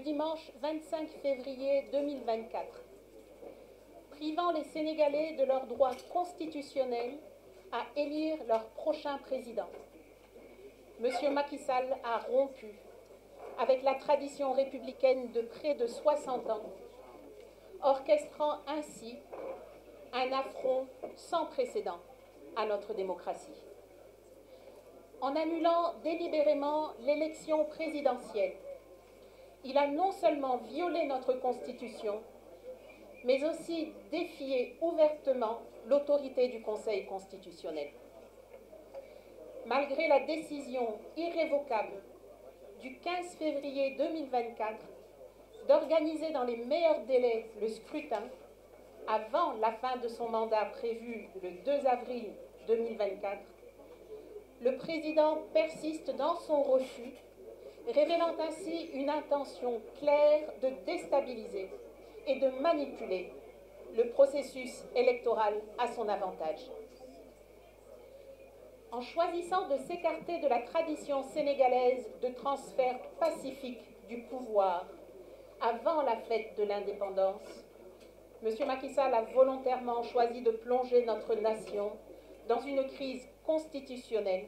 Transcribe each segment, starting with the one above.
dimanche 25 février 2024, privant les Sénégalais de leur droit constitutionnel à élire leur prochain président. Monsieur Macky Sall a rompu avec la tradition républicaine de près de 60 ans, orchestrant ainsi un affront sans précédent à notre démocratie. En annulant délibérément l'élection présidentielle, il a non seulement violé notre Constitution, mais aussi défié ouvertement l'autorité du Conseil constitutionnel. Malgré la décision irrévocable du 15 février 2024 d'organiser dans les meilleurs délais le scrutin avant la fin de son mandat prévu le 2 avril 2024, le président persiste dans son refus révélant ainsi une intention claire de déstabiliser et de manipuler le processus électoral à son avantage. En choisissant de s'écarter de la tradition sénégalaise de transfert pacifique du pouvoir avant la fête de l'indépendance, M. Macky Sall a volontairement choisi de plonger notre nation dans une crise constitutionnelle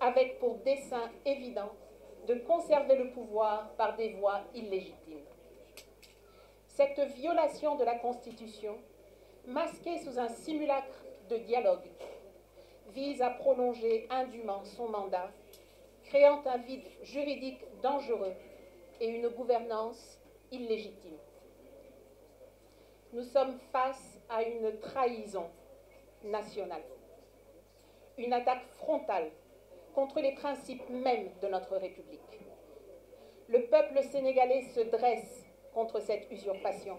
avec pour dessein évident de conserver le pouvoir par des voies illégitimes. Cette violation de la Constitution, masquée sous un simulacre de dialogue, vise à prolonger indûment son mandat, créant un vide juridique dangereux et une gouvernance illégitime. Nous sommes face à une trahison nationale, une attaque frontale contre les principes mêmes de notre République. Le peuple sénégalais se dresse contre cette usurpation.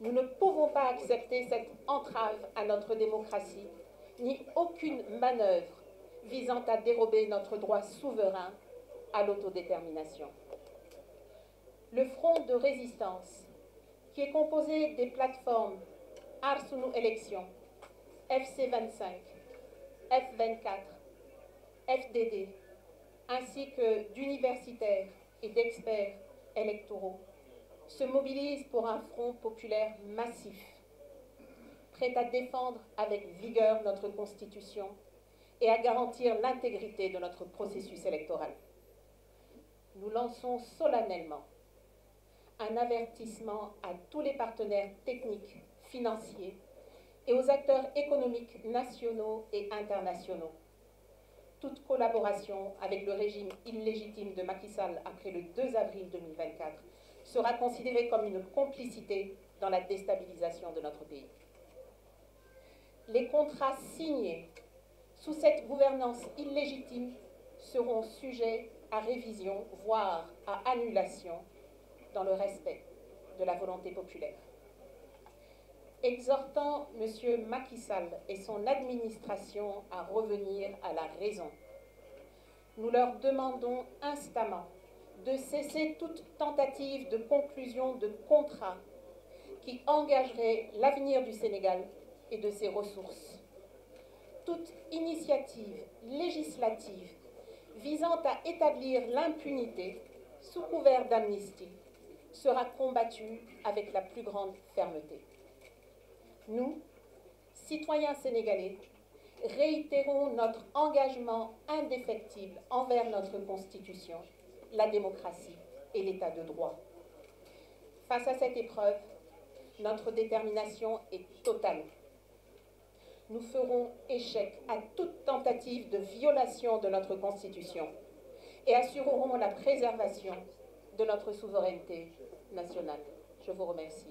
Nous ne pouvons pas accepter cette entrave à notre démocratie, ni aucune manœuvre visant à dérober notre droit souverain à l'autodétermination. Le front de résistance, qui est composé des plateformes Arsounou Élections, FC25, F24, FDD, ainsi que d'universitaires et d'experts électoraux, se mobilisent pour un front populaire massif, prêt à défendre avec vigueur notre Constitution et à garantir l'intégrité de notre processus électoral. Nous lançons solennellement un avertissement à tous les partenaires techniques, financiers et aux acteurs économiques nationaux et internationaux toute collaboration avec le régime illégitime de Macky Sall après le 2 avril 2024 sera considérée comme une complicité dans la déstabilisation de notre pays. Les contrats signés sous cette gouvernance illégitime seront sujets à révision, voire à annulation, dans le respect de la volonté populaire exhortant M. Macky Sall et son administration à revenir à la raison. Nous leur demandons instamment de cesser toute tentative de conclusion de contrat qui engagerait l'avenir du Sénégal et de ses ressources. Toute initiative législative visant à établir l'impunité sous couvert d'amnistie sera combattue avec la plus grande fermeté. Nous, citoyens sénégalais, réitérons notre engagement indéfectible envers notre Constitution, la démocratie et l'État de droit. Face à cette épreuve, notre détermination est totale. Nous ferons échec à toute tentative de violation de notre Constitution et assurerons la préservation de notre souveraineté nationale. Je vous remercie.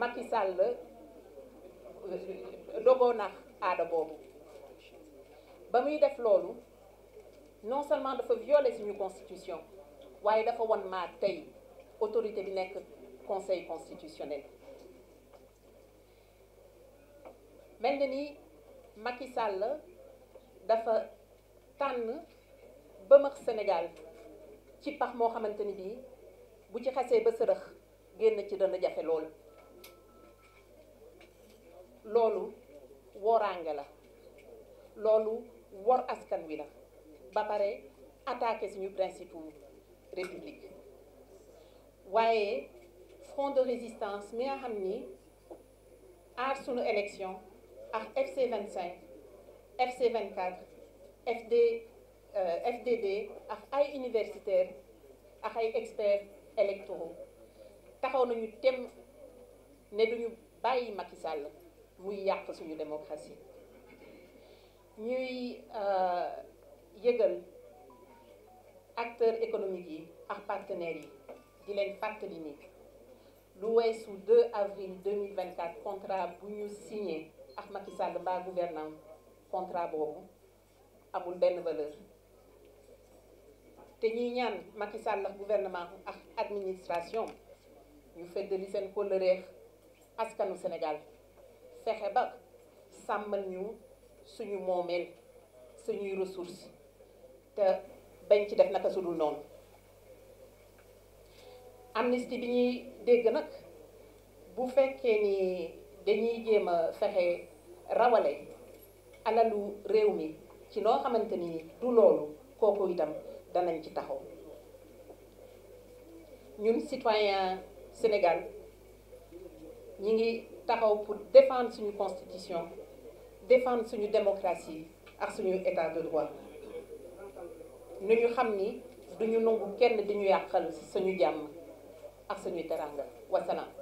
Macky Sall dogoo euh, na aada boobu def loolu non seulement dafa violer suñu constitution waye dafa won ma tay autorité bi nek conseil constitutionnel mel ni Macky Sall dafa tan Sénégal ci par mo xamanteni bi bu ci xasse ba ci dana lolu woraange la loolu wor askan wi la ba pare attaquer suñu principe république wayé front de résistance mi nga xam ar aar élection ak FC 25 FC 24 FD FDD ak ay universitaires ak ay experts électoraux taxaw nañu tem ne duñu bàyyi Macky Sall muy yàq suñu démocratie ñuy yëgal eh, acteurs économiques yi ak partenaires yi di leen fàttali ni lu weesu 2 avril 2024 contrat bu ñu signé ak Macky Sall mbaa gouvernement contrat boobu amul benn valeur te ñuy ñaan Macky Sall ak gouvernement ak administration ñu feddali seen kóllëreex askanu Sénégal fexe ba sàmmal ñu suñu moomeel suñuy ressource te bañ ci def naka sudul noonu amnistie bi ñuy dégg nag bu fekkee nii dañuy jéem a fexe rawale alalu réew mi ci noo xamante ni du loolu kooku itam danañ ci taxaw ñun citoyen Sénégal ñi ngi taxaw pour défendre suñu constitution défendre suñu démocratie ak suñu état de droit nu ñu xam ni duñu nangu kenn di ñu yàqal suñu jàmm ak suñu teranga wasalaam